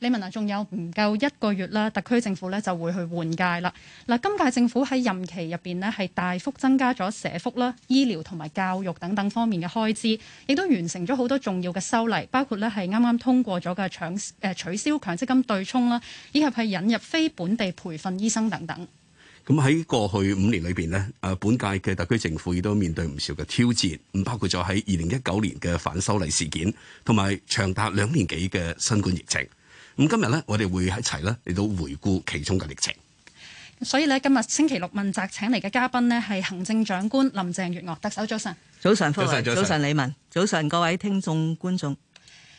李文啊，仲有唔夠一個月啦，特區政府咧就會去換屆啦。嗱，今屆政府喺任期入邊呢，係大幅增加咗社福啦、醫療同埋教育等等方面嘅開支，亦都完成咗好多重要嘅修例，包括呢係啱啱通過咗嘅搶誒取消強積金對沖啦，以及係引入非本地培訓醫生等等。咁喺過去五年裏邊呢，誒本屆嘅特區政府亦都面對唔少嘅挑戰，唔包括咗喺二零一九年嘅反修例事件，同埋長達兩年幾嘅新冠疫情。咁今日咧，我哋會喺一齊咧嚟到回顧其中嘅歷程。所以咧，今日星期六問責請嚟嘅嘉賓咧，係行政長官林鄭月娥，特首早晨。早晨，早晨，早晨，早晨，李文早晨，各位聽眾觀眾。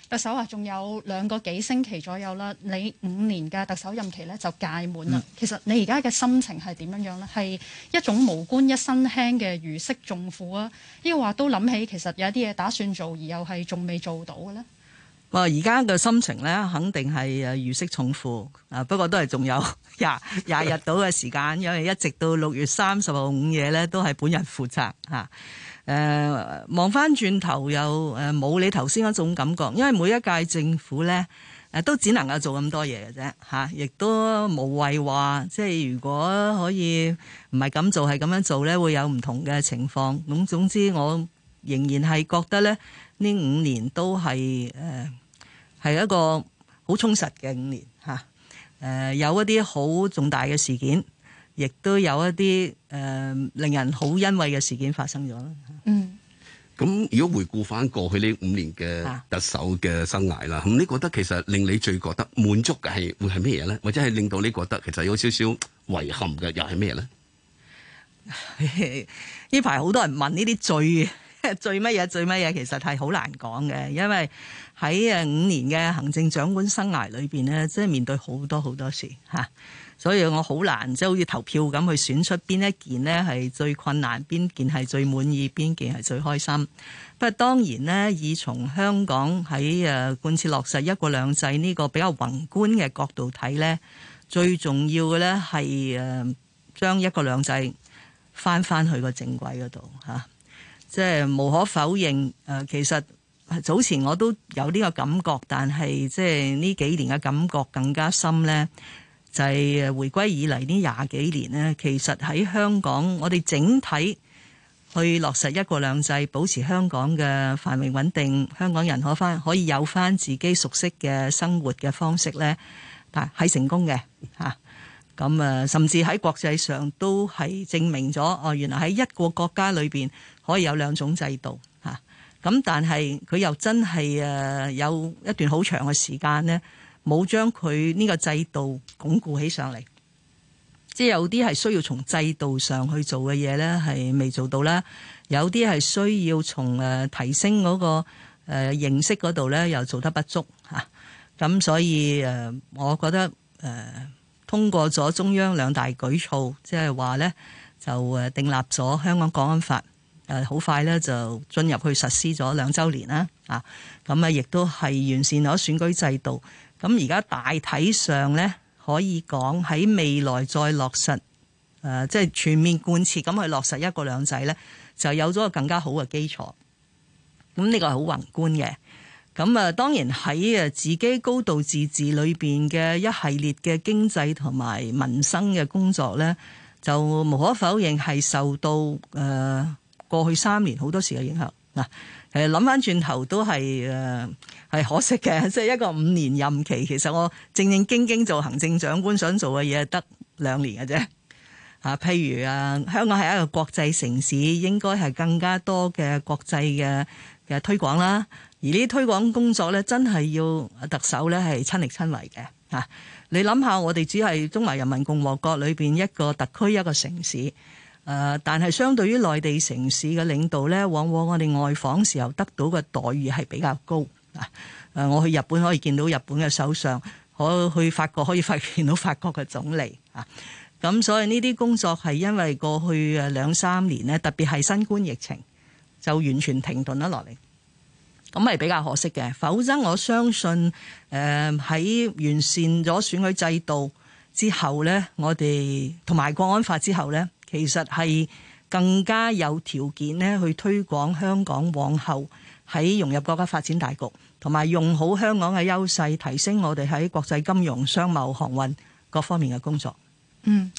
特首啊，仲有兩個幾星期左右啦。你五年嘅特首任期咧就屆滿啦。其實你而家嘅心情係點樣樣咧？係一種無官一身輕嘅如釋重負啊？亦或都諗起，其實有啲嘢打算做，而又係仲未做到嘅咧。哇，而家嘅心情咧，肯定係誒如釋重負啊！不過都係仲有廿廿日到嘅時間， 因為一直到六月三十號午夜咧，都係本人負責嚇。呃、望翻轉頭又冇、呃、你頭先嗰種感覺，因為每一屆政府咧、呃、都只能夠做咁多嘢嘅啫嚇，亦都無謂話即係如果可以唔係咁做，係咁樣做咧，會有唔同嘅情況。咁總之，我仍然係覺得咧。呢五年都係誒係一個好充實嘅五年嚇，誒、呃、有一啲好重大嘅事件，亦都有一啲誒、呃、令人好欣慰嘅事件發生咗啦。嗯，咁如果回顧返過去呢五年嘅特首嘅生涯啦，咁、啊、你覺得其實令你最覺得滿足嘅係會係咩嘢咧？或者係令到你覺得其實有少少遺憾嘅又係咩嘢咧？呢排好多人問呢啲罪。最乜嘢最乜嘢，其實係好難講嘅，因為喺誒五年嘅行政長官生涯裏邊呢，即係面對好多好多事吓，所以我好難、即係、好難即係好似投票咁去選出邊一件呢係最困難，邊件係最滿意，邊件係最開心。不過當然呢，以從香港喺誒貫徹落實一國兩制呢個比較宏觀嘅角度睇呢，最重要嘅呢係誒將一國兩制返返去個正軌嗰度吓。即係無可否認，誒其實早前我都有呢個感覺，但係即係呢幾年嘅感覺更加深呢，就係回歸以嚟呢廿幾年呢。其實喺香港，我哋整體去落實一國兩制，保持香港嘅繁榮穩定，香港人可翻可以有翻自己熟悉嘅生活嘅方式呢，係成功嘅嚇咁、啊、甚至喺國際上都係證明咗，哦，原來喺一個國家裏邊。可以有兩種制度嚇，咁但係佢又真係誒有一段好長嘅時間咧，冇將佢呢個制度鞏固起上嚟，即係有啲係需要從制度上去做嘅嘢咧，係未做到啦。有啲係需要從誒提升嗰個認識嗰度咧，又做得不足嚇。咁所以誒，我覺得誒通過咗中央兩大舉措，即係話咧就誒訂立咗香港國安法。好快咧，就進入去實施咗兩週年啦。啊，咁啊，亦都係完善咗選舉制度。咁而家大體上呢，可以講喺未來再落實即係、啊就是、全面貫徹咁去落實一國兩制呢，就有咗個更加好嘅基礎。咁呢個係好宏觀嘅。咁啊，當然喺自己高度自治裏邊嘅一系列嘅經濟同埋民生嘅工作呢，就無可否認係受到誒。啊過去三年好多時嘅影響嗱，誒諗翻轉頭都係、呃、係可惜嘅，即係一個五年任期。其實我正正經經做行政長官想做嘅嘢，得兩年嘅啫。嚇，譬如啊，香港係一個國際城市，應該係更加多嘅國際嘅嘅推廣啦。而呢啲推廣工作呢，真係要特首呢係親力親為嘅。嚇，你諗下，我哋只係中華人民共和國裏面一個特區、一個城市。誒，但係相對於內地城市嘅領導呢，往往我哋外訪時候得到嘅待遇係比較高啊。誒，我去日本可以見到日本嘅首相，我去法國可以發現到法國嘅總理啊。咁所以呢啲工作係因為過去誒兩三年呢，特別係新冠疫情就完全停頓咗落嚟，咁係比較可惜嘅。否則我相信誒喺完善咗選舉制度之後呢，我哋同埋國安法之後呢。其實係更加有條件呢去推廣香港，往後喺融入國家發展大局，同埋用好香港嘅優勢，提升我哋喺國際金融、商貿、航運各方面嘅工作。嗯。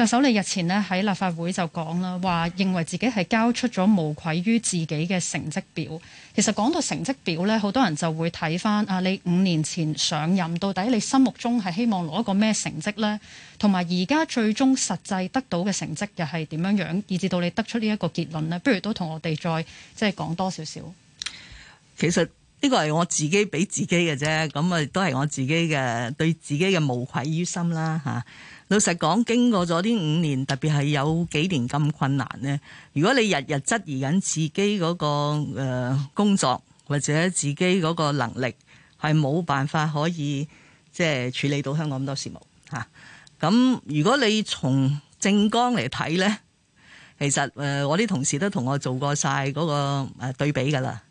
特首你日前呢喺立法會就講啦，話認為自己係交出咗無愧於自己嘅成績表。其實講到成績表呢，好多人就會睇翻啊，你五年前上任到底你心目中係希望攞一個咩成績呢？同埋而家最終實際得到嘅成績又係點樣樣？以至到你得出呢一個結論呢，不如都同我哋再即係講多少少。其實呢個係我自己俾自己嘅啫，咁啊都係我自己嘅對自己嘅無愧於心啦嚇。老實講，經過咗呢五年，特別係有幾年咁困難呢。如果你日日質疑緊自己嗰個誒工作，或者自己嗰個能力，係冇辦法可以即係、就是、處理到香港咁多事務吓。咁、啊、如果你從政綱嚟睇呢，其實誒我啲同事都同我做過晒嗰個誒對比噶啦，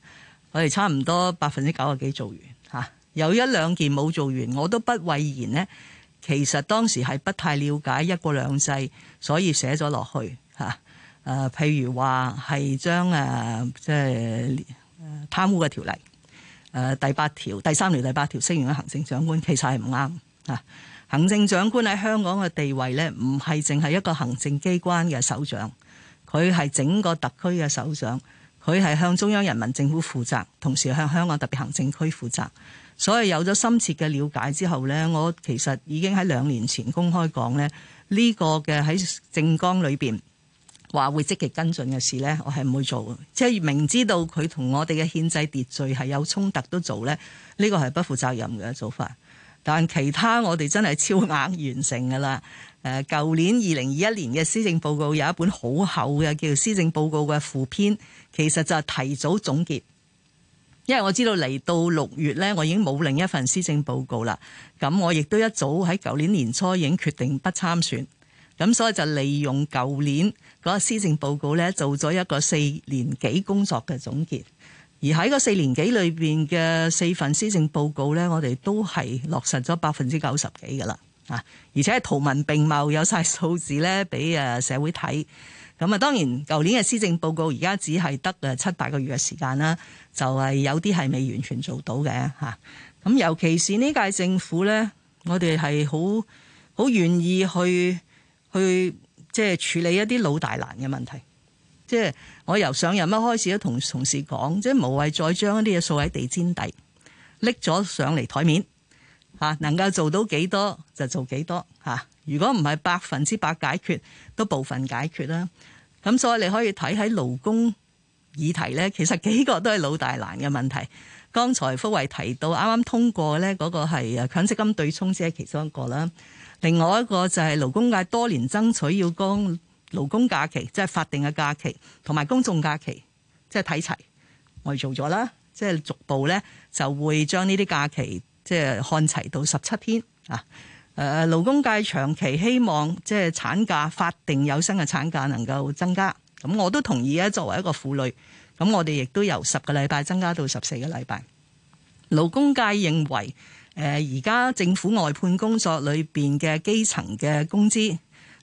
我哋差唔多百分之九十幾做完吓、啊，有一兩件冇做完，我都不諱言呢。其實當時係不太了解一國兩制，所以寫咗落去嚇。誒、啊，譬如話係將誒即係貪污嘅條例誒、啊、第八條第三條第八條適用嘅行政長官其實係唔啱嚇。行政長官喺香港嘅地位呢，唔係淨係一個行政機關嘅首長，佢係整個特區嘅首長，佢係向中央人民政府負責，同時向香港特別行政區負責。所以有咗深切嘅了解之後呢，我其實已經喺兩年前公開講咧，呢、呢個嘅喺政綱裏邊話會積極跟進嘅事呢，我係唔會做嘅，即係明知道佢同我哋嘅憲制秩序係有衝突都做呢，呢個係不負責任嘅做法。但其他我哋真係超額完成噶啦。誒，舊年二零二一年嘅施政報告有一本好厚嘅，叫施政報告嘅附篇，其實就係提早總結。因為我知道嚟到六月呢，我已經冇另一份施政報告啦。咁我亦都一早喺舊年年初已經決定不參選。咁所以就利用舊年嗰個施政報告呢，做咗一個四年幾工作嘅總結。而喺個四年幾裏面嘅四份施政報告呢，我哋都係落實咗百分之九十幾㗎啦。啊！而且係圖文並茂，有晒數字咧，俾誒社會睇。咁啊，當然舊年嘅施政報告現在，而家只係得誒七八個月嘅時間啦，就係有啲係未完全做到嘅吓。咁尤其是呢屆政府咧，我哋係好好願意去去即係處理一啲老大難嘅問題。即係我由上任一開始都同同事講，即係無謂再將一啲嘢掃喺地氈底，拎咗上嚟台面。嚇，能夠做到幾多就做幾多嚇、啊。如果唔係百分之百解決，都部分解決啦。咁所以你可以睇喺勞工議題呢，其實幾個都係老大難嘅問題。剛才福慧提到啱啱通過呢，嗰個係啊強積金對沖，只係其中一個啦。另外一個就係勞工界多年爭取要工勞工假期，即、就、係、是、法定嘅假期同埋公眾假期，即係睇齊，我哋做咗啦，即、就、係、是、逐步呢就會將呢啲假期。即係看齊到十七天啊。誒，勞工界長期希望即係產假法定有薪嘅產假能夠增加。咁我都同意啊。作為一個婦女，咁我哋亦都由十個禮拜增加到十四個禮拜。勞工界認為，誒而家政府外判工作裏邊嘅基層嘅工資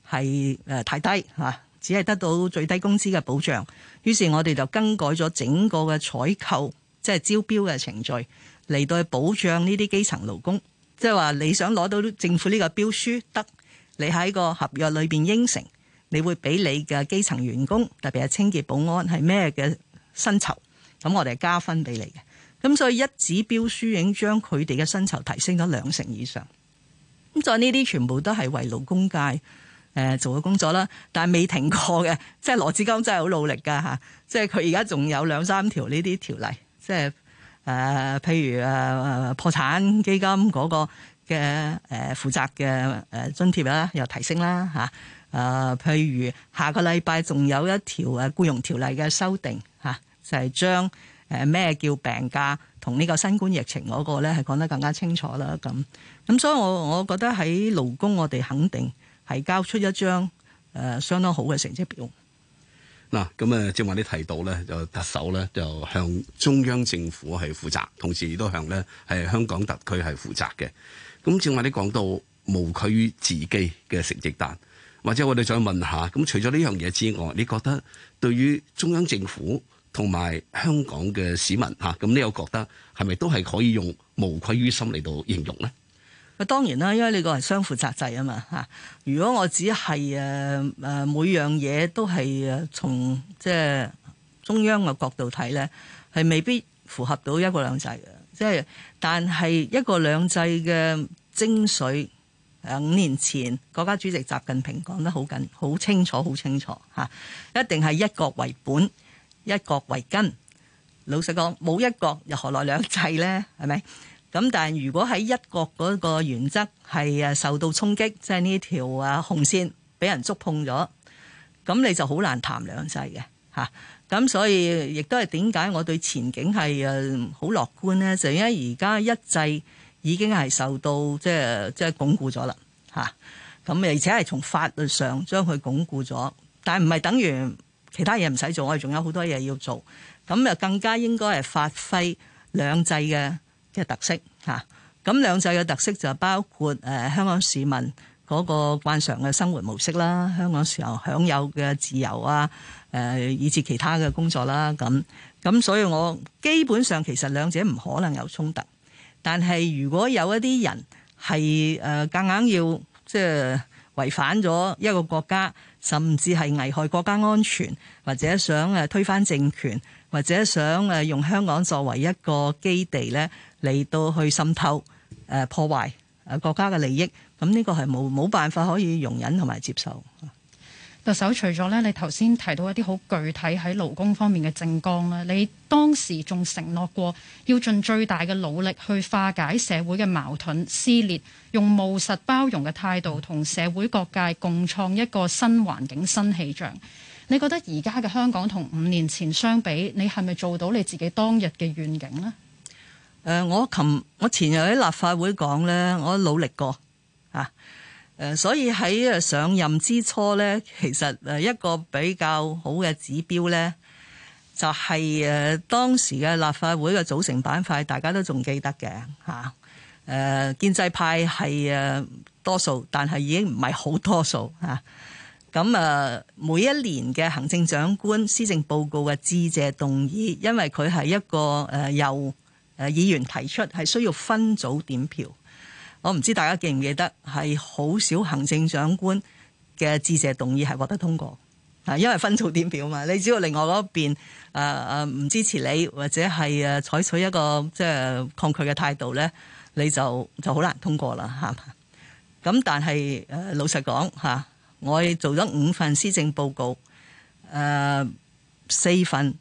係誒太低吓，只係得到最低工資嘅保障。於是我哋就更改咗整個嘅採購即係招標嘅程序。嚟到保障呢啲基層勞工，即係話你想攞到政府呢個標書，得，你喺個合約裏邊應承，你會俾你嘅基層員工，特別係清潔、保安係咩嘅薪酬，咁我哋加分俾你嘅。咁所以一紙標書已經將佢哋嘅薪酬提升咗兩成以上。咁再呢啲全部都係為勞工界誒做嘅工作啦，但係未停過嘅，即係羅致光真係好努力噶吓，即係佢而家仲有兩三條呢啲條例，即係。誒、啊，譬如誒、啊、破產基金嗰個嘅誒負責嘅誒津貼啦，又提升啦吓、啊。譬如下個禮拜仲有一條誒雇傭條例嘅修訂吓、啊、就係、是、將誒咩叫病假同呢個新冠疫情嗰個咧係講得更加清楚啦咁。咁所以我我覺得喺勞工我哋肯定係交出一張誒相當好嘅成績表。咁啊，正話你提到咧，就特首咧就向中央政府係負責，同時亦都向咧係香港特區係負責嘅。咁正話你講到無愧於自己嘅成績單，或者我哋想問下，咁除咗呢樣嘢之外，你覺得對於中央政府同埋香港嘅市民吓，咁你又覺得係咪都係可以用無愧於心嚟到形容咧？佢當然啦，因為你個係雙負責制啊嘛嚇。如果我只係誒誒每樣嘢都係從即係中央嘅角度睇呢，係未必符合到一國兩制嘅。即係但係一國兩制嘅精髓，五年前國家主席習近平講得好緊，好清楚，好清楚嚇。一定係一國為本，一國為根。老實講，冇一國又何來兩制呢？係咪？咁但係，如果喺一國嗰個原則係誒受到衝擊，即係呢條啊紅線俾人觸碰咗，咁你就好難談兩制嘅嚇。咁、啊、所以亦都係點解我對前景係誒好樂觀呢？就因為而家一制已經係受到即係即係鞏固咗啦嚇。咁、啊、而且係從法律上將佢鞏固咗，但係唔係等於其他嘢唔使做，我哋仲有好多嘢要做。咁就更加應該係發揮兩制嘅。嘅特色吓，咁兩制嘅特色就包括誒香港市民嗰個慣常嘅生活模式啦，香港時候享有嘅自由啊，誒以至其他嘅工作啦，咁咁所以我基本上其實兩者唔可能有衝突，但係如果有一啲人係誒夾硬要即係違反咗一個國家，甚至係危害國家安全，或者想誒推翻政權或者想誒用香港作為一個基地咧。嚟到去滲透、誒、呃、破壞、誒、呃、國家嘅利益，咁呢個係冇冇辦法可以容忍同埋接受。特首除咗咧，你頭先提到一啲好具體喺勞工方面嘅政綱啦，你當時仲承諾過要盡最大嘅努力去化解社會嘅矛盾撕裂，用務實包容嘅態度同社會各界共創一個新環境新氣象。你覺得而家嘅香港同五年前相比，你係咪做到你自己當日嘅願景呢？誒，我琴我前日喺立法會講咧，我努力過嚇，誒，所以喺誒上任之初咧，其實誒一個比較好嘅指標咧，就係誒當時嘅立法會嘅組成板塊，大家都仲記得嘅嚇，誒建制派係誒多數，但係已經唔係好多數嚇。咁誒每一年嘅行政長官施政報告嘅致謝動議，因為佢係一個誒由誒議員提出係需要分組點票，我唔知大家記唔記得係好少行政長官嘅致謝動議係獲得通過，啊，因為分組點票嘛，你只要另外嗰一邊呃、呃、唔支持你，或者係誒採取一個即係、呃、抗拒嘅態度咧，你就就好難通過啦，嚇！咁但係誒、呃、老實講嚇、啊，我做咗五份施政報告，誒、呃、四份。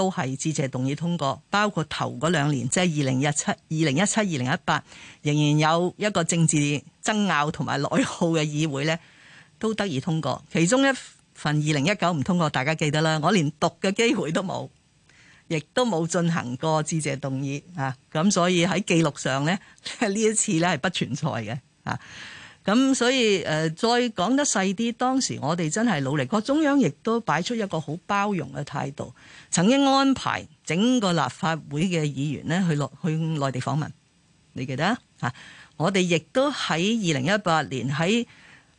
都係致謝動議通過，包括頭嗰兩年，即係二零一七、二零一七、二零一八，仍然有一個政治爭拗同埋內耗嘅議會呢，都得以通過。其中一份二零一九唔通過，大家記得啦，我連讀嘅機會都冇，亦都冇進行過致謝動議啊。咁所以喺記錄上呢，呢一次呢係不存在嘅啊。咁所以誒、呃，再講得細啲，當時我哋真係努力過，中央亦都擺出一個好包容嘅態度，曾經安排整個立法會嘅議員咧去落去內地訪問，你記得啊？吓，我哋亦都喺二零一八年喺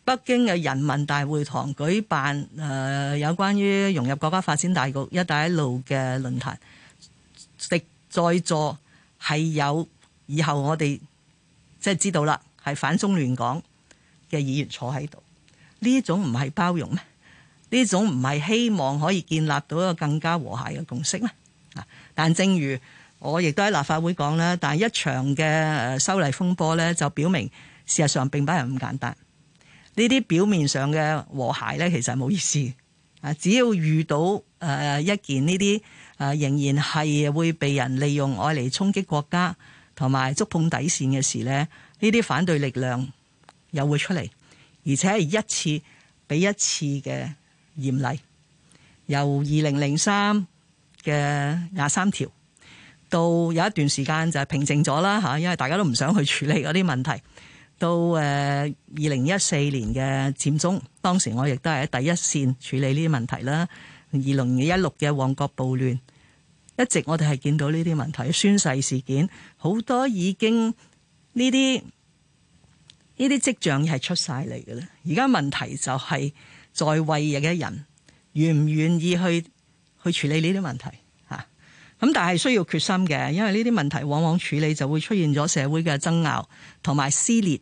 北京嘅人民大會堂舉辦誒、呃、有關於融入國家發展大局一帶一路嘅論壇，的在座係有以後我哋即係知道啦，係反中亂港嘅議員坐喺度，呢種唔係包容咩？呢種唔係希望可以建立到一個更加和諧嘅共識咩？啊！但正如我亦都喺立法會講啦，但係一場嘅修例風波咧，就表明事實上並唔係咁簡單。呢啲表面上嘅和諧咧，其實冇意思啊！只要遇到誒一件呢啲誒仍然係會被人利用嚟衝擊國家同埋觸碰底線嘅事咧，呢啲反對力量。又會出嚟，而且係一次比一次嘅嚴厲。由二零零三嘅廿三條，到有一段時間就係平靜咗啦吓，因為大家都唔想去處理嗰啲問題。到誒二零一四年嘅佔中，當時我亦都係喺第一線處理呢啲問題啦。二零一六嘅旺角暴亂，一直我哋係見到呢啲問題、宣誓事件，好多已經呢啲。呢啲跡象係出晒嚟嘅啦，而家問題就係在位嘅人願唔願意去去處理呢啲問題嚇，咁、啊、但係需要決心嘅，因為呢啲問題往往處理就會出現咗社會嘅爭拗同埋撕裂，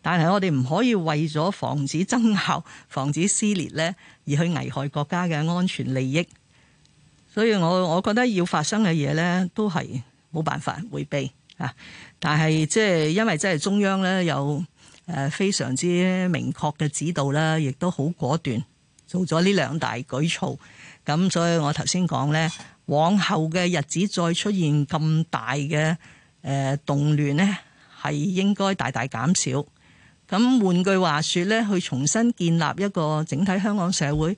但係我哋唔可以為咗防止爭拗、防止撕裂呢而去危害國家嘅安全利益，所以我我覺得要發生嘅嘢呢，都係冇辦法回避。啊！但係即係因為即係中央咧有誒非常之明確嘅指導啦，亦都好果斷做咗呢兩大舉措。咁所以我頭先講咧，往後嘅日子再出現咁大嘅誒動亂咧，係應該大大減少。咁換句話說咧，去重新建立一個整體香港社會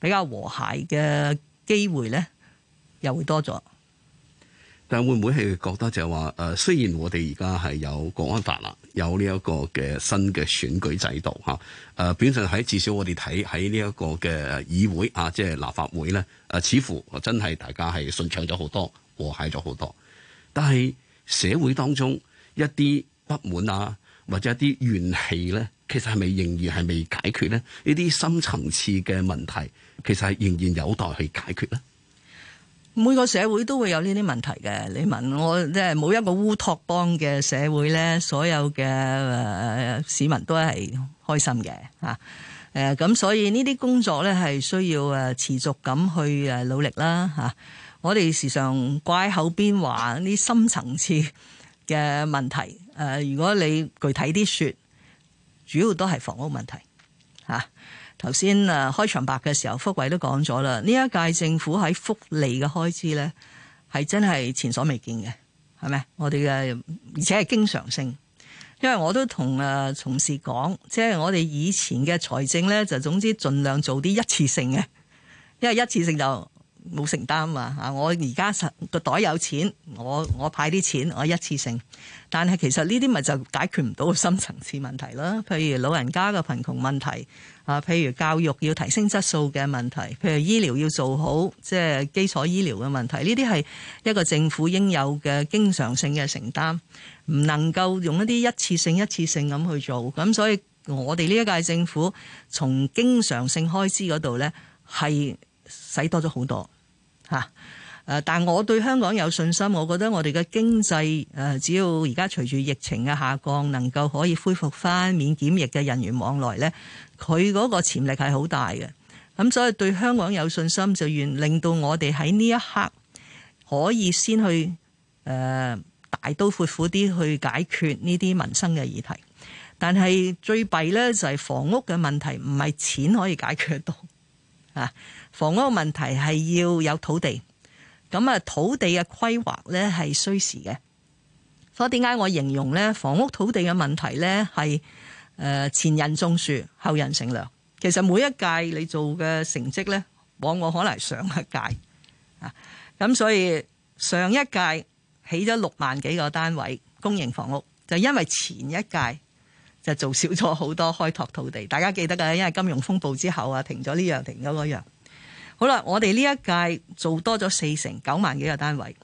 比較和諧嘅機會咧，又會多咗。但會唔會係覺得就係話誒，雖然我哋而家係有《港安法》啦，有呢一個嘅新嘅選舉制度嚇誒，表象喺至少我哋睇喺呢一個嘅議會啊，即係立法會咧，誒、啊、似乎真係大家係順暢咗好多，和諧咗好多。但係社會當中一啲不滿啊，或者一啲怨氣咧，其實係咪仍然係未解決咧？呢啲深層次嘅問題其實係仍然有待去解決咧。每個社會都會有呢啲問題嘅，你問我即係冇一個烏托邦嘅社會咧，所有嘅、呃、市民都係開心嘅吓。誒、啊，咁、呃、所以呢啲工作咧係需要誒持續咁去誒努力啦吓、啊。我哋時常掛口邊話啲深層次嘅問題，誒、啊，如果你具體啲說，主要都係房屋問題啊。頭先啊開場白嘅時候，福偉都講咗啦，呢一屆政府喺福利嘅開支呢，係真係前所未見嘅，係咪？我哋嘅而且係經常性，因為我都同啊同事講，即係我哋以前嘅財政呢，就總之盡量做啲一,一次性嘅，因為一次性就。冇承擔嘛嚇！我而家個袋有錢，我我派啲錢我一次性。但係其實呢啲咪就解決唔到個深層次問題啦。譬如老人家嘅貧窮問題，啊，譬如教育要提升質素嘅問題，譬如醫療要做好，即係基礎醫療嘅問題。呢啲係一個政府應有嘅經常性嘅承擔，唔能夠用一啲一次性、一次性咁去做。咁所以我哋呢一屆政府從經常性開支嗰度咧，係使多咗好多。吓，誒，但我對香港有信心，我覺得我哋嘅經濟誒，只要而家隨住疫情嘅下降，能夠可以恢復翻免檢疫嘅人員往來呢，佢嗰個潛力係好大嘅。咁所以對香港有信心，就願令到我哋喺呢一刻可以先去誒、呃、大刀闊斧啲去解決呢啲民生嘅議題。但係最弊呢，就係房屋嘅問題，唔係錢可以解決到。房屋問題係要有土地，咁啊土地嘅規劃呢係需時嘅。所以點解我形容呢，房屋土地嘅問題呢係誒，前人種樹，後人乘涼。其實每一屆你做嘅成績呢，往往可能係上一屆啊，咁所以上一屆起咗六萬幾個單位公營房屋，就因為前一屆。就做少咗好多開拓土地，大家記得嘅，因為金融風暴之後啊，停咗呢樣，停咗嗰樣。好啦，我哋呢一屆做多咗四成九萬幾個單位，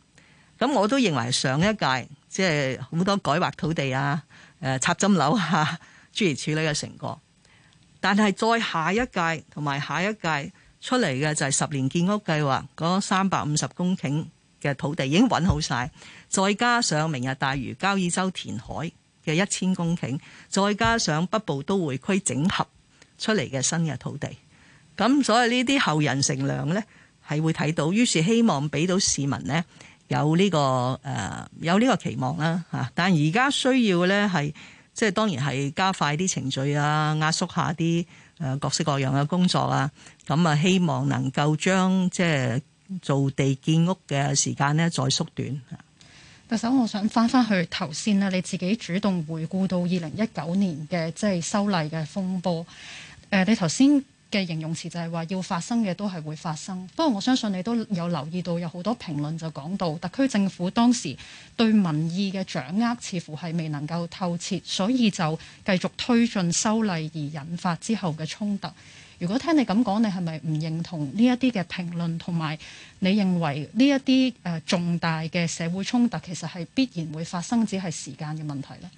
咁我都認為上一屆即係好多改劃土地啊，誒、呃、插針樓啊，諸如此類嘅成果。但係再下一屆同埋下一屆出嚟嘅就係十年建屋計劃嗰三百五十公頃嘅土地已經揾好晒，再加上明日大嶼、交椅洲填海。嘅一千公頃，再加上北部都會區整合出嚟嘅新嘅土地，咁所以呢啲後人乘量呢係會睇到，於是希望俾到市民咧有呢、這個誒、呃、有呢個期望啦嚇。但而家需要呢係即係當然係加快啲程序啊，壓縮一下啲誒各式各樣嘅工作啊，咁啊，希望能夠將即係造地建屋嘅時間呢再縮短。特首，我想翻翻去頭先啦。你自己主動回顧到二零一九年嘅即係修例嘅風波。誒，你頭先嘅形容詞就係話要發生嘅都係會發生。不過我相信你都有留意到有好多評論就講到特區政府當時對民意嘅掌握似乎係未能夠透徹，所以就繼續推進修例而引發之後嘅衝突。如果聽你咁講，你係咪唔認同呢一啲嘅評論，同埋你認為呢一啲誒重大嘅社會衝突其實係必然會發生，只係時間嘅問題咧？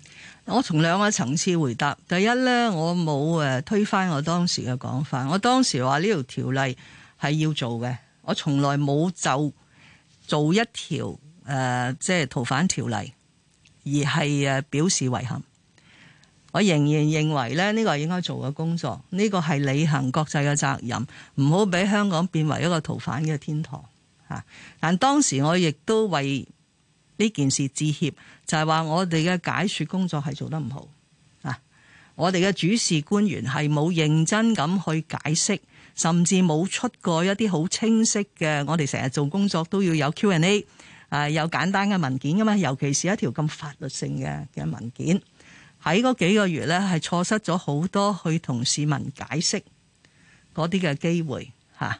我從兩個層次回答。第一咧，我冇誒推翻我當時嘅講法。我當時話呢條條例係要做嘅，我從來冇就做一條誒、呃，即係逃犯條例而係誒表示遺憾。我仍然認為咧，呢個係應該做嘅工作，呢個係履行國際嘅責任，唔好俾香港變為一個逃犯嘅天堂。吓，但當時我亦都為呢件事致歉，就係話我哋嘅解說工作係做得唔好啊！我哋嘅主事官員係冇認真咁去解釋，甚至冇出過一啲好清晰嘅，我哋成日做工作都要有 Q&A 啊，有簡單嘅文件噶嘛，尤其是一條咁法律性嘅嘅文件。喺嗰幾個月呢，係錯失咗好多去同市民解釋嗰啲嘅機會嚇。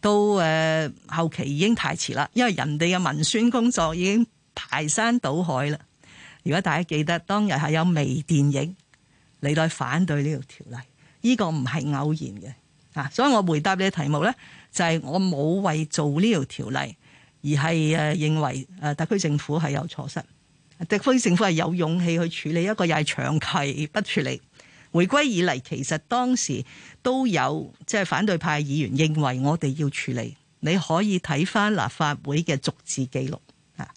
到、啊、誒、呃、後期已經太遲啦，因為人哋嘅文宣工作已經排山倒海啦。如果大家記得當日係有微電影嚟到反對呢條條例，呢、這個唔係偶然嘅嚇、啊。所以我回答你嘅題目呢，就係、是、我冇為做呢條條例，而係誒認為誒特區政府係有錯失。特區政府係有勇氣去處理一個，又係長期不處理。回歸以嚟，其實當時都有即係、就是、反對派議員認為我哋要處理。你可以睇翻立法會嘅逐字記錄啊！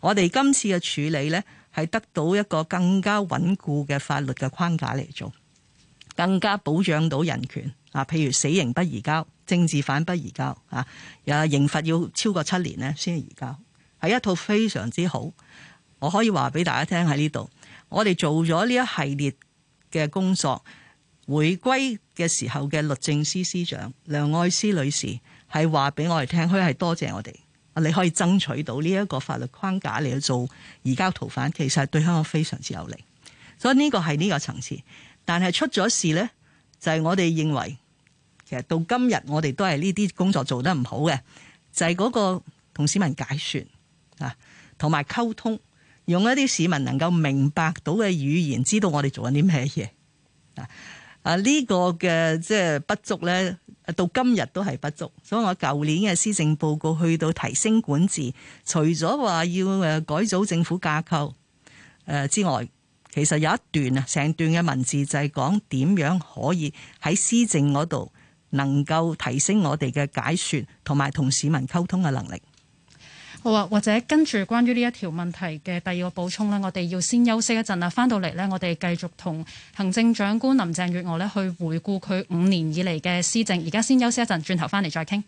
我哋今次嘅處理呢，係得到一個更加穩固嘅法律嘅框架嚟做，更加保障到人權啊！譬如死刑不移交、政治犯不移交啊！有刑罰要超過七年咧先移交，係一套非常之好。我可以話俾大家聽喺呢度，我哋做咗呢一系列嘅工作，回歸嘅時候嘅律政司司長梁愛詩女士係話俾我哋聽，佢係多謝我哋，你可以爭取到呢一個法律框架嚟去做移交逃犯，其實對香港非常之有利。所以呢個係呢個層次，但係出咗事呢，就係我哋認為，其實到今日我哋都係呢啲工作做得唔好嘅，就係嗰個同市民解說啊，同埋溝通。用一啲市民能夠明白到嘅語言，知道我哋做緊啲咩嘢。啊啊呢個嘅即係不足咧，到今日都係不足。所以我舊年嘅施政報告去到提升管治，除咗話要誒改組政府架構誒之外，其實有一段啊成段嘅文字就係講點樣可以喺施政嗰度能夠提升我哋嘅解說同埋同市民溝通嘅能力。好啊，或者跟住關於呢一條問題嘅第二個補充咧，我哋要先休息一陣啊，翻到嚟咧，我哋繼續同行政長官林鄭月娥咧去回顧佢五年以嚟嘅施政。而家先休息一陣，轉頭翻嚟再傾。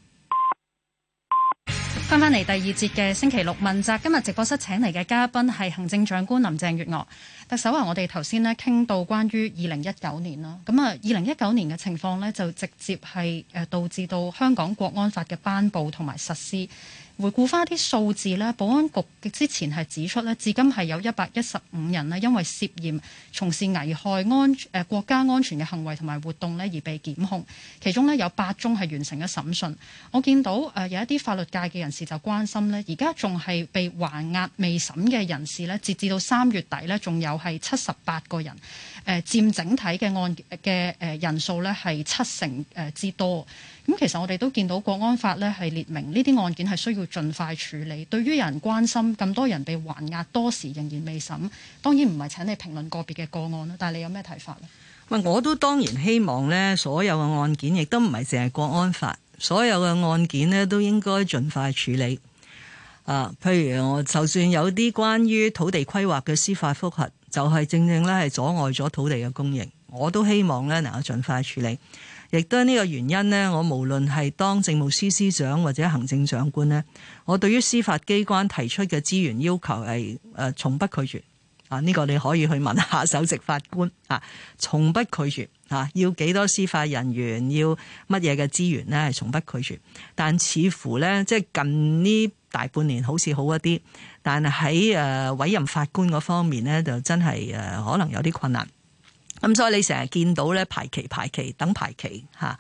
翻翻嚟第二節嘅星期六問責，今日直播室請嚟嘅嘉賓係行政長官林鄭月娥。特首啊，我哋頭先咧，傾到關於二零一九年啦，咁啊二零一九年嘅情況咧就直接係誒、呃、導致到香港國安法嘅頒布同埋實施。回顧翻啲數字咧，保安局之前係指出咧，至今係有一百一十五人呢，因為涉嫌從事危害安誒國家安全嘅行為同埋活動咧而被檢控，其中呢有八宗係完成咗審訊。我見到誒有一啲法律界嘅人士就關心呢，而家仲係被還押未審嘅人士呢，截至到三月底呢，仲有係七十八個人，誒佔整體嘅案嘅誒人數呢係七成誒之多。咁其實我哋都見到國安法呢係列明呢啲案件係需要盡快處理。對於人關心咁多人被還押多時仍然未審，當然唔係請你評論個別嘅個案啦。但係你有咩睇法咧？我都當然希望呢所有嘅案件亦都唔係淨係國安法，所有嘅案件呢，都應該盡快處理。啊，譬如我就算有啲關於土地規劃嘅司法覆核，就係正正咧係阻礙咗土地嘅供應，我都希望呢能夠盡快處理。亦都呢個原因呢，我無論係當政務司司長或者行政長官呢，我對於司法機關提出嘅資源要求係誒從不拒絕啊！呢個你可以去問下首席法官啊，從不拒絕、啊、要幾多司法人員，要乜嘢嘅資源呢？係從不拒絕。但似乎呢，即係近呢大半年好似好一啲，但喺、呃、委任法官嗰方面呢，就真係、呃、可能有啲困難。咁、嗯、所以你成日見到咧排期、排期、等排期吓。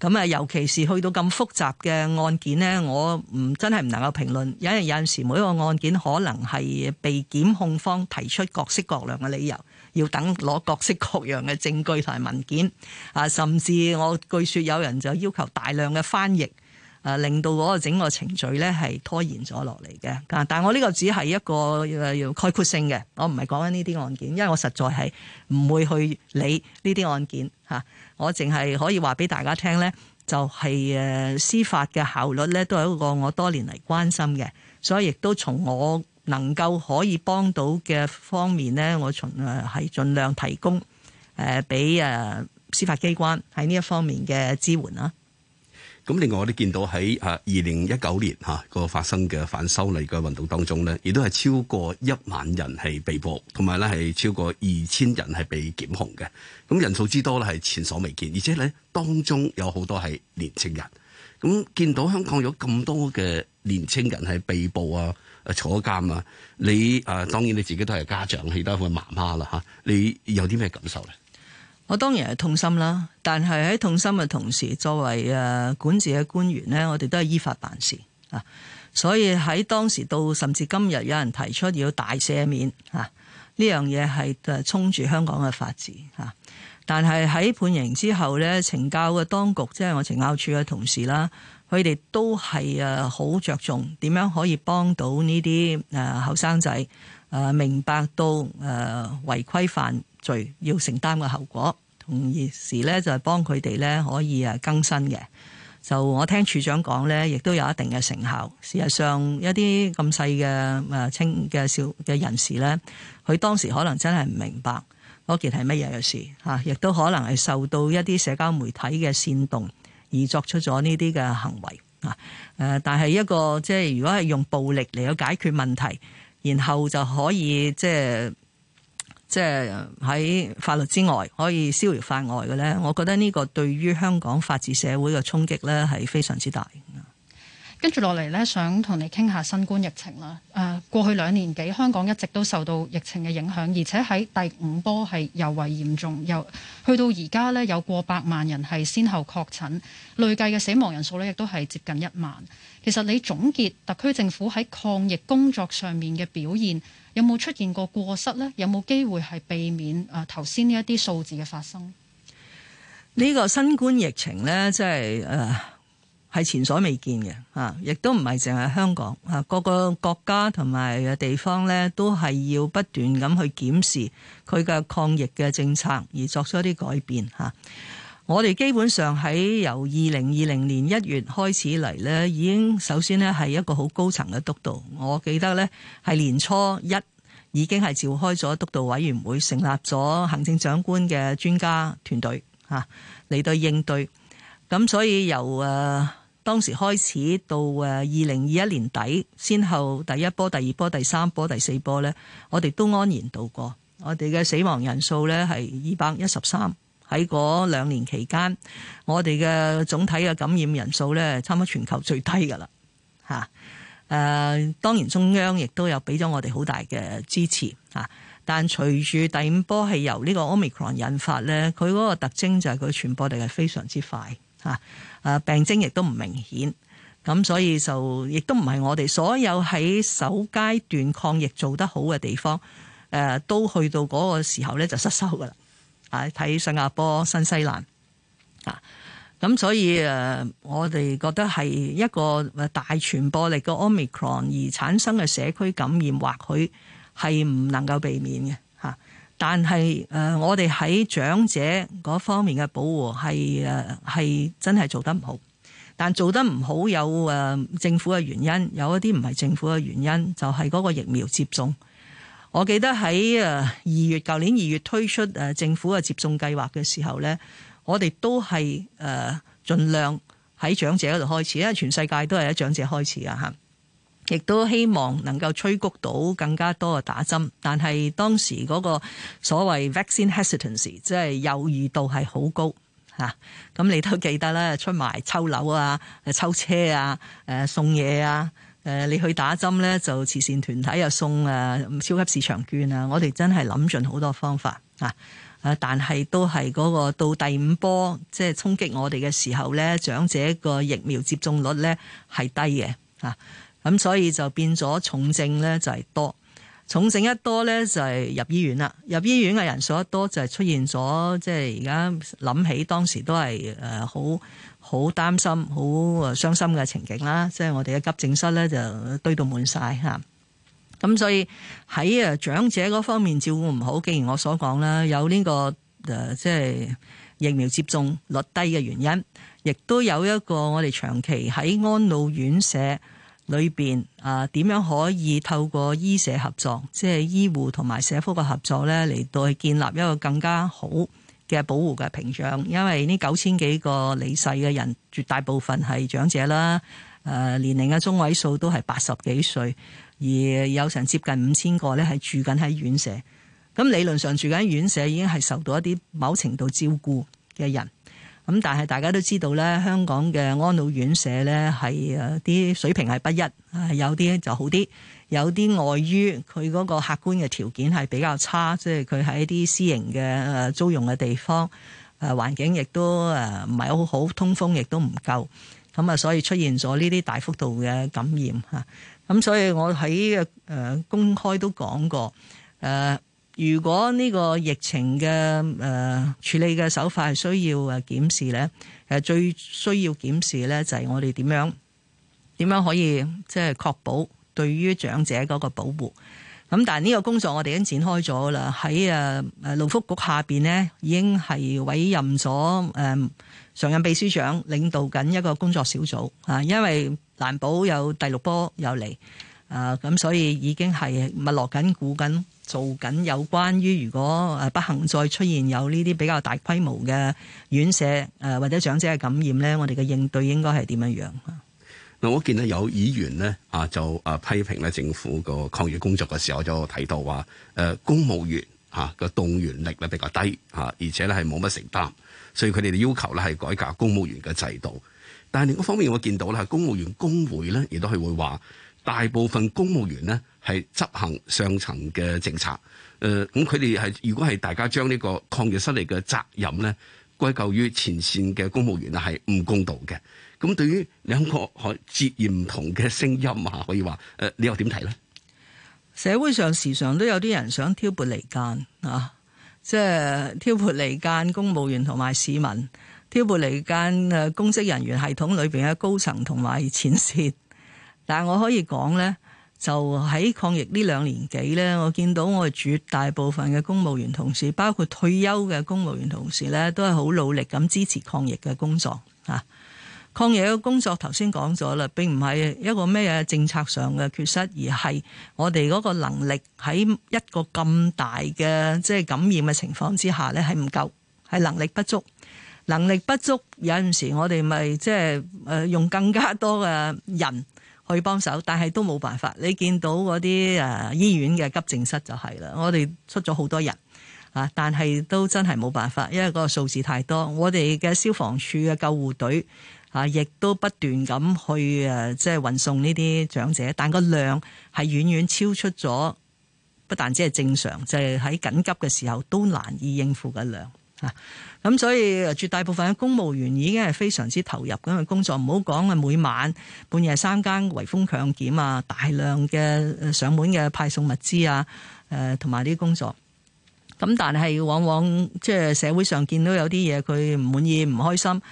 咁啊，尤其是去到咁複雜嘅案件咧，我唔真係唔能夠評論，因為有陣時每一個案件可能係被檢控方提出各式各樣嘅理由，要等攞各式各樣嘅證據同埋文件啊，甚至我據說有人就要求大量嘅翻譯。誒令到嗰個整個程序咧係拖延咗落嚟嘅，但係我呢個只係一個概括性嘅，我唔係講緊呢啲案件，因為我實在係唔會去理呢啲案件嚇。我淨係可以話俾大家聽咧，就係、是、誒司法嘅效率咧，都係一個我多年嚟關心嘅，所以亦都從我能夠可以幫到嘅方面咧，我從係儘量提供誒俾誒司法機關喺呢一方面嘅支援啦。咁另外我哋見到喺啊二零一九年嚇個發生嘅反修例嘅運動當中咧，亦都係超過一萬人係被捕，同埋咧係超過二千人係被檢控嘅。咁人數之多咧係前所未見，而且咧當中有好多係年青人。咁見到香港有咁多嘅年青人係被捕啊、坐監啊，你啊當然你自己都係家長，係得個媽媽啦嚇。你有啲咩感受咧？我當然係痛心啦，但係喺痛心嘅同時，作為誒管治嘅官員呢，我哋都係依法辦事啊。所以喺當時到甚至今日，有人提出要大赦免啊，呢樣嘢係誒衝住香港嘅法治啊。但係喺判刑之後呢，懲教嘅當局即係、就是、我懲教處嘅同事啦，佢哋都係誒好着重點樣可以幫到呢啲誒後生仔。誒明白到誒、呃、違規犯罪要承擔嘅後果，同時咧就係、是、幫佢哋咧可以誒更新嘅。就我聽處長講咧，亦都有一定嘅成效。事實上，一啲咁細嘅誒青嘅小嘅人士咧，佢當時可能真係唔明白嗰件係乜嘢嘅事嚇，亦、啊、都可能係受到一啲社交媒體嘅煽動而作出咗呢啲嘅行為啊。誒，但係一個即係如果係用暴力嚟去解決問題。然後就可以即係即係喺法律之外可以逍遙法外嘅咧，我覺得呢個對於香港法治社會嘅衝擊咧係非常之大。跟住落嚟呢，想同你傾下新冠疫情啦。誒、啊，過去兩年幾，香港一直都受到疫情嘅影響，而且喺第五波係尤為嚴重，又去到而家呢，有過百萬人係先後確診，累計嘅死亡人數呢亦都係接近一萬。其實你總結特區政府喺抗疫工作上面嘅表現，有冇出現過過失呢？有冇機會係避免誒頭先呢一啲數字嘅發生？呢、這個新冠疫情呢，即係。誒、呃。係前所未見嘅，啊！亦都唔係淨係香港，各個國家同埋地方呢都係要不斷咁去檢視佢嘅抗疫嘅政策，而作出一啲改變吓。我哋基本上喺由二零二零年一月開始嚟呢，已經首先呢係一個好高層嘅督導。我記得呢係年初一已經係召開咗督導委員會，成立咗行政長官嘅專家團隊啊嚟到應對。咁所以由誒。當時開始到誒二零二一年底，先後第一波、第二波、第三波、第四波呢，我哋都安然度過。我哋嘅死亡人數呢係二百一十三。喺嗰兩年期間，我哋嘅總體嘅感染人數呢，差唔多全球最低㗎啦。嚇、啊、誒、啊，當然中央亦都有俾咗我哋好大嘅支持嚇、啊。但隨住第五波係由呢個 Omicron 引發呢，佢嗰個特徵就係佢傳播力係非常之快嚇。啊誒病徵亦都唔明顯，咁所以就亦都唔係我哋所有喺首階段抗疫做得好嘅地方，誒、呃、都去到嗰個時候呢就失守㗎喇。啊，睇新加坡、新西蘭啊，咁所以誒、呃，我哋覺得係一個大傳播力嘅 Omicron 而產生嘅社區感染，或許係唔能夠避免嘅。但係誒、呃，我哋喺長者嗰方面嘅保護係係、呃、真係做得唔好，但做得唔好有誒、呃、政府嘅原因，有一啲唔係政府嘅原因，就係、是、嗰個疫苗接種。我記得喺誒二月舊年二月推出，呃、政府嘅接種計劃嘅時候咧，我哋都係誒、呃、盡量喺長者嗰度開始，因為全世界都係喺長者開始啊，嚇亦都希望能夠催谷到更加多嘅打針，但係當時嗰個所謂 vaccine hesitancy，即係猶豫度係好高嚇。咁、啊、你都記得啦，出埋抽樓啊，抽車啊，呃、送嘢啊、呃，你去打針呢，就慈善團體又送、啊、超級市場券啊。我哋真係諗盡好多方法啊，啊，但係都係嗰、嗰個到第五波即係衝擊我哋嘅時候呢，長者個疫苗接種率呢係低嘅嚇。咁所以就變咗重症咧，就係多重症一多咧，就係入醫院啦。入醫院嘅人數一多就，就係、是、出現咗即係而家諗起當時都係好好擔心、好誒傷心嘅情景啦。即、就、係、是、我哋嘅急症室咧就堆到滿晒。嚇。咁所以喺誒長者嗰方面照顧唔好，既然我所講啦，有呢、這個即係、就是、疫苗接種率低嘅原因，亦都有一個我哋長期喺安老院舍。裏邊啊，點、呃、樣可以透過醫社合作，即係醫護同埋社福嘅合作咧，嚟到去建立一個更加好嘅保護嘅屏障？因為呢九千幾個離世嘅人，絕大部分係長者啦，誒、呃、年齡嘅中位數都係八十幾歲，而有成接近五千個咧係住緊喺院舍，咁理論上住緊院舍已經係受到一啲某程度照顧嘅人。咁但係大家都知道咧，香港嘅安老院舍咧係誒啲水平係不一，係有啲就好啲，有啲礙於佢嗰個客觀嘅條件係比較差，即係佢喺一啲私營嘅租用嘅地方，誒環境亦都誒唔係好好，通風亦都唔夠，咁啊所以出現咗呢啲大幅度嘅感染嚇，咁所以我喺誒公開都講過誒。如果呢個疫情嘅誒、呃、處理嘅手法係需要誒檢視咧，誒、呃、最需要檢視咧就係、是、我哋點樣點樣可以即係確保對於長者嗰個保護。咁、嗯、但係呢個工作我哋已經展開咗啦，喺誒誒勞福局下邊呢，已經係委任咗誒、呃、常任秘書長領導緊一個工作小組啊，因為難保有第六波又嚟。啊、嗯，咁所以已經係咪落緊股緊做緊有關於如果不幸再出現有呢啲比較大規模嘅院舍誒或者長者嘅感染咧，我哋嘅應對應該係點樣樣？嗱、嗯，我見到有議員呢，啊，就啊批評咧政府個抗疫工作嘅時候就睇到話，誒公務員嚇個動員力咧比較低嚇，而且咧係冇乜承擔，所以佢哋嘅要求咧係改革公務員嘅制度。但係另一方面，我見到咧公務員工會咧亦都係會話。大部分公務員呢係執行上層嘅政策，誒咁佢哋係如果係大家將呢個抗疫失利嘅責任呢歸咎於前線嘅公務員啊，係唔公道嘅。咁對於兩個可截然唔同嘅聲音啊，可以話誒，你又點睇呢？社會上時常都有啲人想挑撥離間啊，即係挑撥離間公務員同埋市民，挑撥離間誒公職人員系統裏邊嘅高層同埋前線。但，我可以講呢，就喺抗疫呢兩年幾呢，我見到我絕大部分嘅公務員同事，包括退休嘅公務員同事呢，都係好努力咁支持抗疫嘅工作嚇。抗疫嘅工作頭先講咗啦，並唔係一個咩政策上嘅缺失，而係我哋嗰個能力喺一個咁大嘅即係感染嘅情況之下呢，係唔夠，係能力不足。能力不足有陣時，我哋咪即係用更加多嘅人。去幫手，但係都冇辦法。你見到嗰啲誒醫院嘅急症室就係啦，我哋出咗好多人啊，但係都真係冇辦法，因為個數字太多。我哋嘅消防處嘅救護隊啊，亦都不斷咁去誒、啊，即係運送呢啲長者，但個量係遠遠超出咗，不但只係正常，就係、是、喺緊急嘅時候都難以應付嘅量。咁、啊、所以絕大部分嘅公務員已經係非常之投入咁嘅工作，唔好講啊，每晚半夜三更圍封強檢啊，大量嘅上門嘅派送物資啊，誒同埋啲工作。咁但係往往即係、就是、社會上見到有啲嘢，佢唔滿意唔開心。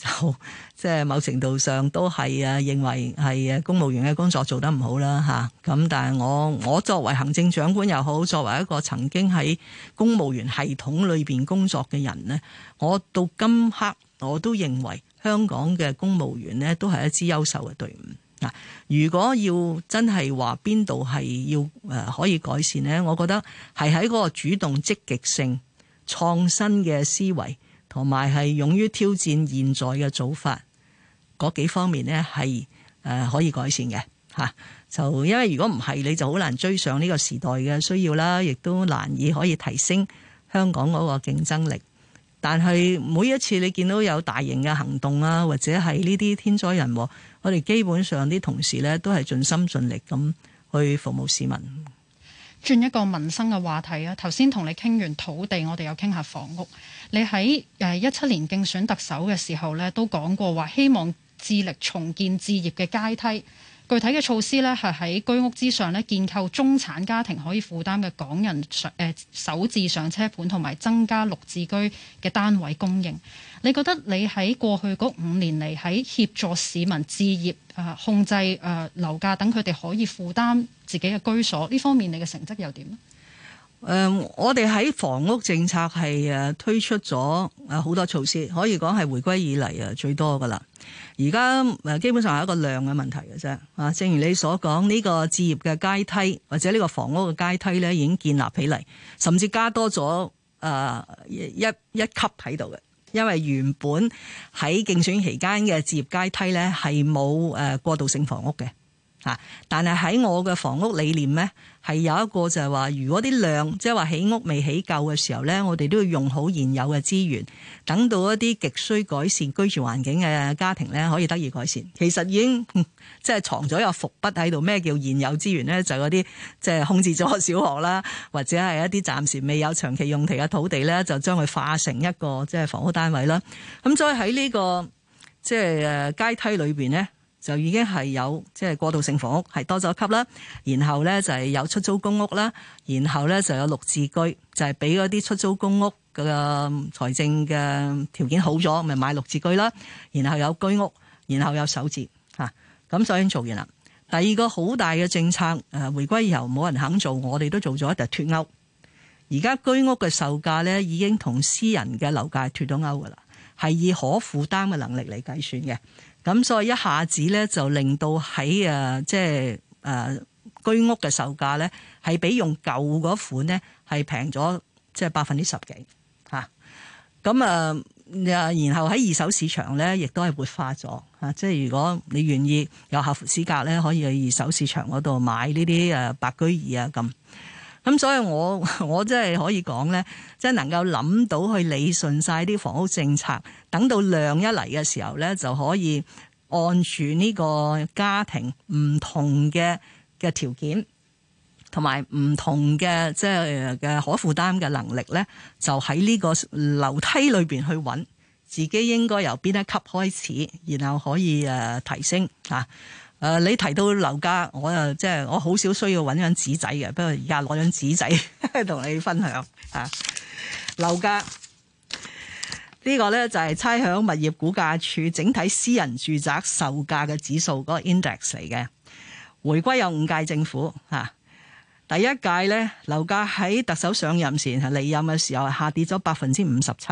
就即係某程度上都係啊，認為係啊公務員嘅工作做得唔好啦吓。咁但係我我作為行政長官又好，作為一個曾經喺公務員系統裏邊工作嘅人呢，我到今刻我都認為香港嘅公務員呢都係一支優秀嘅隊伍嗱。如果要真係話邊度係要誒可以改善呢，我覺得係喺嗰個主動積極性、創新嘅思維。同埋係勇於挑戰現在嘅做法，嗰幾方面呢係誒可以改善嘅吓。就因為如果唔係，你就好難追上呢個時代嘅需要啦，亦都難以可以提升香港嗰個競爭力。但係每一次你見到有大型嘅行動啦，或者係呢啲天災人禍，我哋基本上啲同事呢都係盡心盡力咁去服務市民。轉一個民生嘅話題啊！頭先同你傾完土地，我哋又傾下房屋。你喺誒一七年競選特首嘅時候呢，都講過話希望致力重建置業嘅階梯。具體嘅措施咧，係喺居屋之上咧，建構中產家庭可以負擔嘅港人上誒首次上車盤，同埋增加綠置居嘅單位供應。你覺得你喺過去嗰五年嚟喺協助市民置業、誒控制誒樓價等，佢哋可以負擔自己嘅居所呢方面你的，你嘅成績又點？誒、嗯，我哋喺房屋政策係推出咗好多措施，可以講係回歸以嚟啊最多噶啦。而家基本上係一個量嘅問題嘅啫。啊，正如你所講，呢個置業嘅階梯或者呢個房屋嘅階梯咧，已經建立起嚟，甚至加多咗、呃、一一級喺度嘅。因為原本喺競選期間嘅置業階梯咧，係冇誒過渡性房屋嘅。但係喺我嘅房屋理念咧，係有一個就係話，如果啲量即係話起屋未起夠嘅時候咧，我哋都要用好現有嘅資源，等到一啲極需改善居住環境嘅家庭咧，可以得以改善。其實已經、嗯、即係藏咗有伏筆喺度。咩叫現有資源咧？就嗰啲即係空置咗嘅小學啦，或者係一啲暫時未有長期用地嘅土地咧，就將佢化成一個即係房屋單位啦。咁再喺呢個即係誒階梯裏邊咧，就已經係有即係、就是、過渡性房屋，係多咗一級啦。然後咧就係有出租公屋啦，然後咧就有綠置居，就係俾嗰啲出租公屋嘅財政嘅條件好咗，咪買綠置居啦。然後有居屋，然後有首置吓，咁就已經做完啦。第二個好大嘅政策誒，迴歸以後冇人肯做，我哋都做咗，就脫鈎。而家居屋嘅售價咧，已經同私人嘅樓價脫咗鈎㗎啦，係以可負擔嘅能力嚟計算嘅。咁所以一下子咧就令到喺啊，即係啊居屋嘅售價咧係比用舊嗰款咧係平咗即係百分之十幾吓。咁啊啊然後喺二手市場咧亦都係活化咗吓、啊。即係如果你願意有合符資格咧，可以去二手市場嗰度買呢啲誒白居二啊咁。咁所以我，我我真係可以講咧，即係能夠諗到去理順晒啲房屋政策，等到量一嚟嘅時候咧，就可以按住呢個家庭唔同嘅嘅條件，同埋唔同嘅即係嘅可負擔嘅能力咧，就喺呢個樓梯裏邊去揾自己應該由邊一級開始，然後可以誒提升嚇。誒，你提到樓價，我又即係我好少需要搵張紙仔嘅，不過而家攞張紙仔同 你分享吓。樓價呢個呢，就係差餉物業估價署整體私人住宅售價嘅指數嗰個 index 嚟嘅。回歸有五屆政府吓，啊，第一屆呢，樓價喺特首上任前離任嘅時候下跌咗百分之五十七，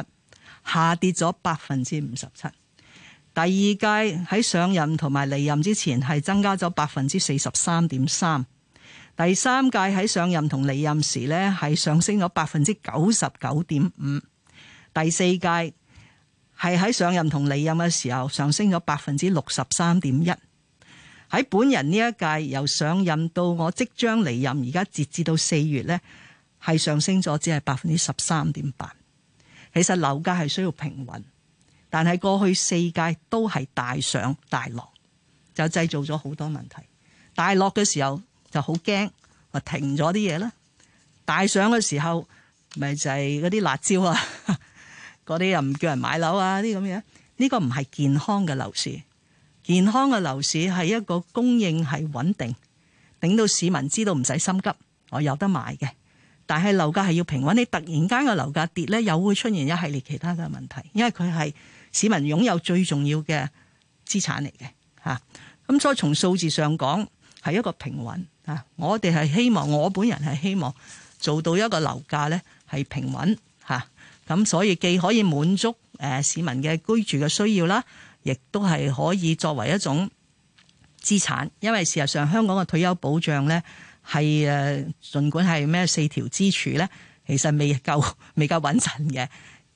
下跌咗百分之五十七。第二屆喺上任同埋離任之前係增加咗百分之四十三點三，第三屆喺上任同離任時呢係上升咗百分之九十九點五，第四屆係喺上任同離任嘅時候上升咗百分之六十三點一。喺本人呢一屆由上任到我即將離任，而家截至到四月呢，係上升咗只係百分之十三點八。其實樓價係需要平穩。但係過去四屆都係大上大落，就製造咗好多問題。大落嘅時候就好驚，話停咗啲嘢啦，大上嘅時候，咪就係嗰啲辣椒啊，嗰啲又唔叫人買樓啊，啲咁樣。呢、這個唔係健康嘅樓市，健康嘅樓市係一個供應係穩定，令到市民知道唔使心急，我有得買嘅。但係樓價係要平穩，你突然間嘅樓價跌呢，又會出現一系列其他嘅問題，因為佢係。市民擁有最重要嘅資產嚟嘅嚇，咁所以從數字上講係一個平穩嚇，我哋係希望，我本人係希望做到一個樓價呢係平穩嚇。咁所以既可以滿足誒市民嘅居住嘅需要啦，亦都係可以作為一種資產。因為事實上香港嘅退休保障呢，係誒，儘管係咩四條支柱呢，其實未夠未夠穩陣嘅。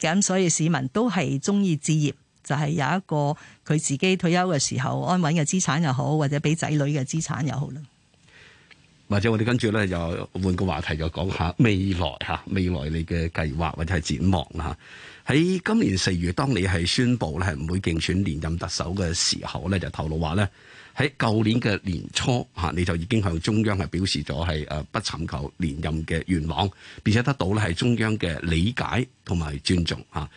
咁所以市民都係中意置業，就係有一個佢自己退休嘅時候安穩嘅資產又好，或者俾仔女嘅資產又好啦。或者我哋跟住咧就換個話題，就講下未來吓，未來你嘅計劃或者係展望啦。喺今年四月，當你係宣布咧唔會競選連任特首嘅時候咧，就透露話咧。喺舊年嘅年初嚇，你就已經向中央係表示咗係誒不尋求連任嘅願望，並且得到咧係中央嘅理解同埋尊重嚇。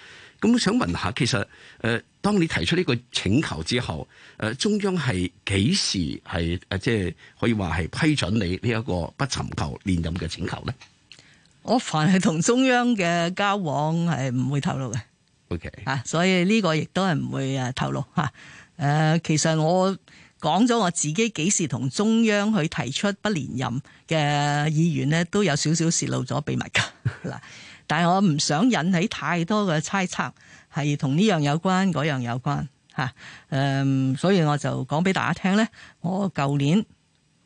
咁我想問下，其實誒、呃，當你提出呢個請求之後，誒、呃、中央係幾時係誒、呃、即係可以話係批准你呢一個不尋求連任嘅請求咧？我凡係同中央嘅交往係唔會透露嘅。Okay 吓，所以呢個亦都係唔會誒透露嚇。誒、啊呃，其實我。講咗我自己幾時同中央去提出不連任嘅意願咧，都有少少泄露咗秘密啦。但係我唔想引起太多嘅猜測，係同呢樣有關，嗰樣有關嚇。誒，所以我就講俾大家聽呢我舊年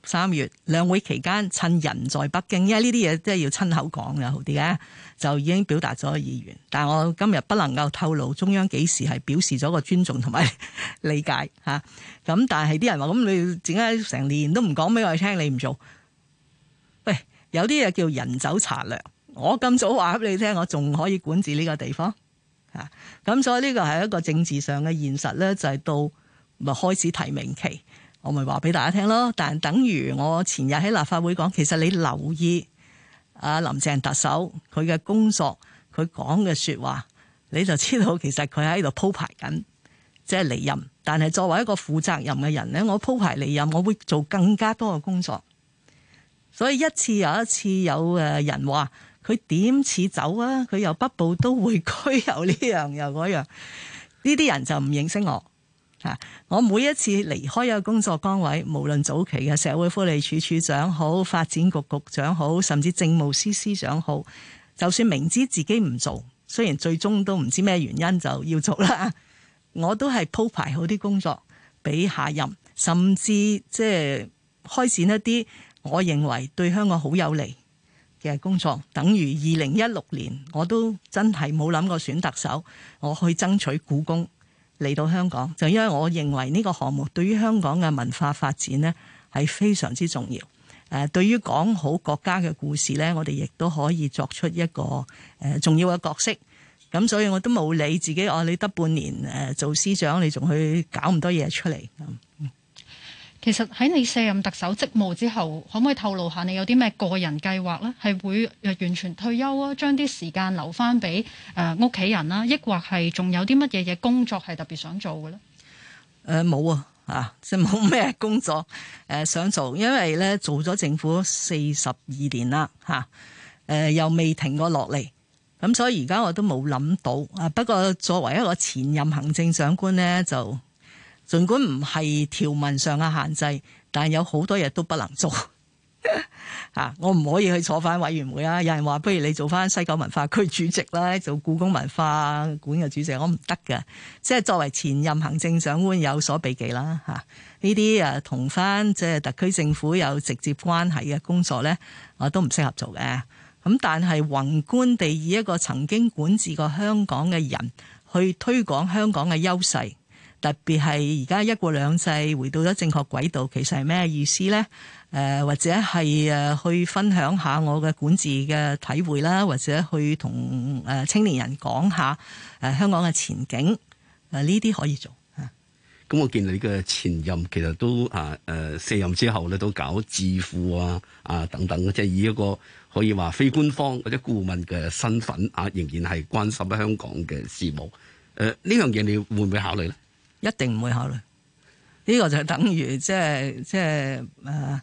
三月兩會期間，趁人在北京，因為呢啲嘢都係要親口講嘅好啲嘅，就已經表達咗意願。但係我今日不能夠透露中央幾時係表示咗個尊重同埋理解吓。咁、啊、但係啲人話，咁你點解成年都唔講俾我聽？你唔做？喂，有啲嘢叫人走茶涼。我咁早話俾你聽，我仲可以管治呢個地方吓。咁、啊、所以呢個係一個政治上嘅現實咧，就係、是、到咪開始提名期。我咪話俾大家聽咯，但等於我前日喺立法會講，其實你留意阿林鄭特首佢嘅工作，佢講嘅說話，你就知道其實佢喺度鋪排緊即係離任。但係作為一個負責任嘅人咧，我鋪排離任，我會做更加多嘅工作。所以一次又一次有誒人話佢點似走啊？佢又北部都會區又呢樣又嗰樣，呢啲人就唔認識我。我每一次離開一個工作崗位，無論早期嘅社會福利署署長好，發展局局長好，甚至政務司司長好，就算明知自己唔做，雖然最終都唔知咩原因就要做啦，我都係鋪排好啲工作俾下任，甚至即係開展一啲我認為對香港好有利嘅工作。等於二零一六年，我都真係冇諗過選特首，我去爭取故宮。嚟到香港就因為我認為呢個項目對於香港嘅文化發展呢，係非常之重要，誒，對於講好國家嘅故事呢，我哋亦都可以作出一個誒，重要嘅角色。咁所以我都冇理自己哦，你得半年誒，做司長，你仲去搞咁多嘢出嚟。其實喺你卸任特首職務之後，可唔可以透露下你有啲咩個人計劃咧？係會完全退休啊？將啲時間留翻俾誒屋企人啦，抑或係仲有啲乜嘢嘢工作係特別想做嘅咧？誒、呃、冇啊，啊即係冇咩工作誒、呃、想做，因為咧做咗政府四十二年啦嚇，誒、啊呃、又未停過落嚟，咁、啊、所以而家我都冇諗到啊。不過作為一個前任行政長官呢，就～儘管唔係條文上嘅限制，但係有好多嘢都不能做 我唔可以去坐翻委員會啦。有人話，不如你做翻西九文化區主席啦，做故宮文化館嘅主席，我唔得㗎，即係作為前任行政長官有所避忌啦。呢啲同翻即係特區政府有直接關係嘅工作呢，我都唔適合做嘅。咁但係宏觀地以一個曾經管治過香港嘅人去推廣香港嘅優勢。特別係而家一國兩制回到咗正確軌道，其實係咩意思咧？誒、呃、或者係誒去分享下我嘅管治嘅體會啦，或者去同誒青年人講下誒、呃、香港嘅前景，誒呢啲可以做。咁我見你嘅前任其實都啊誒卸任之後咧都搞智庫啊啊、等等，即係以一個可以話非官方或者顧問嘅身份啊，仍然係關心香港嘅事務。誒、啊、呢樣嘢你會唔會考慮咧？一定唔會考慮，呢、這個就等於即係即係誒、啊、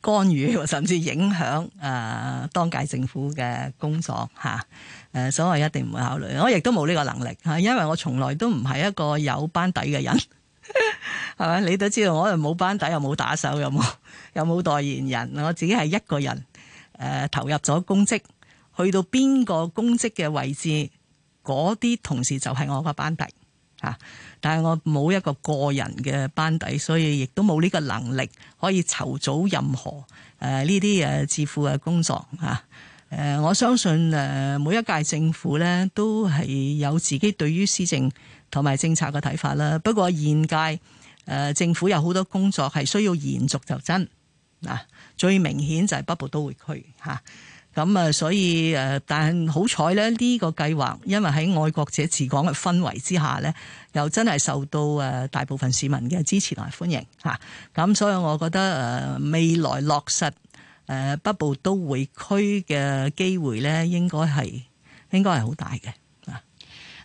干預甚至影響誒、啊、當屆政府嘅工作吓。誒、啊啊，所以我一定唔會考慮。我亦都冇呢個能力，啊、因為我從來都唔係一個有班底嘅人，係嘛？ 你都知道，我又冇班底，又冇打手，又冇又冇代言人，我自己係一個人。誒、啊，投入咗公職，去到邊個公職嘅位置？嗰啲同事就係我嘅班底嚇，但係我冇一個個人嘅班底，所以亦都冇呢個能力可以籌組任何誒呢啲誒致富嘅工作嚇。誒我相信誒每一屆政府呢都係有自己對於施政同埋政策嘅睇法啦。不過現屆誒政府有好多工作係需要延續就真嗱，最明顯就係北部都會區嚇。咁啊，所以誒，但係好彩咧，呢個計劃因為喺愛國者治港嘅氛圍之下咧，又真係受到誒大部分市民嘅支持同埋歡迎吓，咁所以，我覺得誒未來落實誒北部都會區嘅機會咧，應該係應該係好大嘅。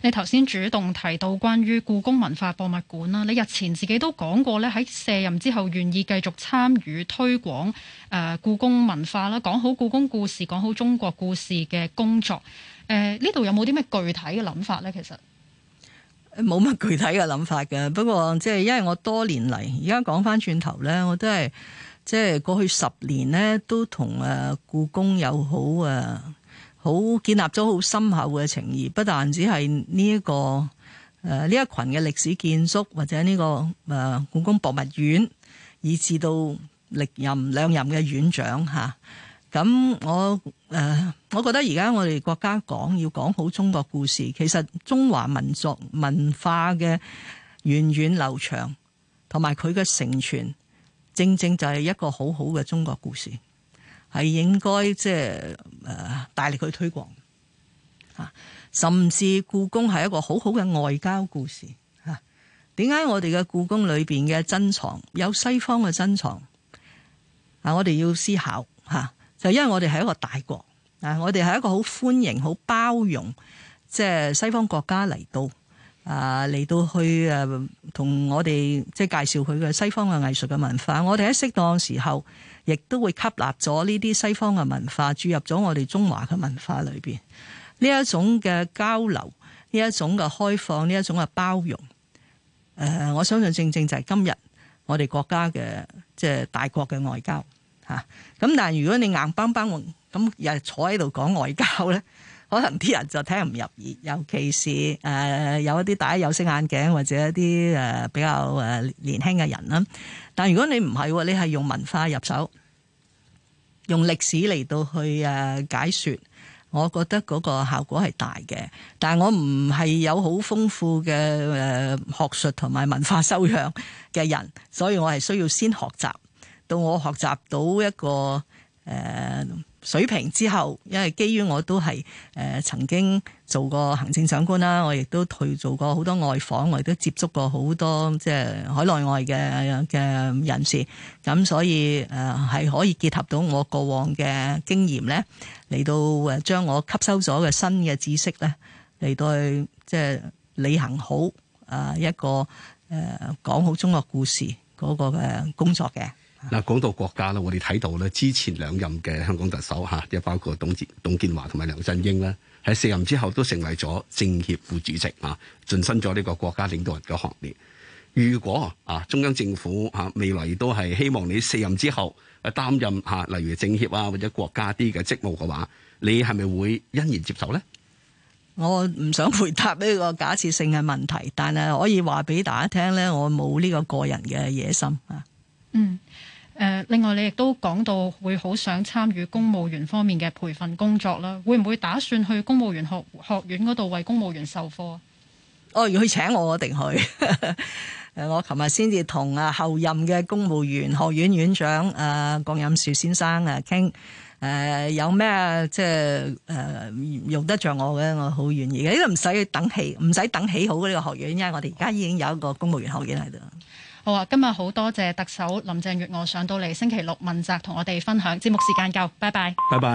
你頭先主動提到關於故宮文化博物館啦，你日前自己都講過咧，喺卸任之後願意繼續參與推廣誒故宮文化啦，講好故宮故事，講好中國故事嘅工作。誒、呃，呢度有冇啲咩具體嘅諗法呢？其實冇乜具體嘅諗法嘅，不過即係因為我多年嚟而家講翻轉頭呢，我都係即係過去十年呢，都同誒故宮友好啊。好建立咗好深厚嘅情誼，不但止係呢一個誒呢、呃、一群嘅歷史建築，或者呢、這個誒故宮博物院，以至到歷任兩任嘅院長吓。咁、啊、我誒、呃，我覺得而家我哋國家講要講好中國故事，其實中華民族文化嘅源遠流長，同埋佢嘅承傳，正正就係一個很好好嘅中國故事。係應該即係誒，大力去推廣吓，甚至故宮係一個好好嘅外交故事吓。點解我哋嘅故宮裏邊嘅珍藏有西方嘅珍藏啊？我哋要思考吓、啊，就因為我哋係一個大國啊，我哋係一個好歡迎、好包容，即係西方國家嚟到啊，嚟到去誒，同我哋即係介紹佢嘅西方嘅藝術嘅文化。我哋喺適當時候，亦都會吸納咗呢啲西方嘅文化，注入咗我哋中華嘅文化裏邊。呢一種嘅交流，呢一種嘅開放，呢一種嘅包容。誒，我相信正正就係今日我哋國家嘅即係大國嘅外交吓。咁但係如果你硬邦邦咁，又坐喺度講外交咧，可能啲人就聽唔入耳。尤其是誒有一啲戴有色眼鏡或者一啲誒比較誒年輕嘅人啦。但係如果你唔係、呃呃呃，你係用文化入手。用歷史嚟到去誒解説，我覺得嗰個效果係大嘅。但係我唔係有好豐富嘅誒學術同埋文化修養嘅人，所以我係需要先學習，到我學習到一個誒，呃水平之後，因為基於我都係誒曾經做過行政長官啦，我亦都去做過好多外訪，我亦都接觸過好多即係海內外嘅嘅人士，咁所以誒係可以結合到我過往嘅經驗咧，嚟到誒將我吸收咗嘅新嘅知識咧，嚟到去即係履行好啊一個誒講好中國故事嗰個嘅工作嘅。嗱，講到國家咧，我哋睇到咧，之前兩任嘅香港特首吓，即係包括董建董建華同埋梁振英咧，喺卸任之後都成為咗政協副主席啊，晉身咗呢個國家領導人嘅行列。如果啊，中央政府吓未來都係希望你卸任之後誒擔任吓，例如政協啊或者國家啲嘅職務嘅話，你係咪會欣然接受咧？我唔想回答呢個假設性嘅問題，但係可以話俾大家聽咧，我冇呢個個人嘅野心啊。嗯。誒，另外你亦都講到會好想參與公務員方面嘅培訓工作啦，會唔會打算去公務員學學院嗰度為公務員授課啊？哦，要去請我定去？誒， 我琴日先至同啊後任嘅公務員學院院長啊、呃、郭蔭庶先生啊傾誒、呃，有咩即係誒用得着我嘅，我好願意嘅，呢個唔使等起，唔使等起好嘅呢個學院，因為我哋而家已經有一個公務員學院喺度。好啊，今日好多謝特首林鄭月娥上到嚟星期六問責同我哋分享。節目時間夠，拜拜。拜拜。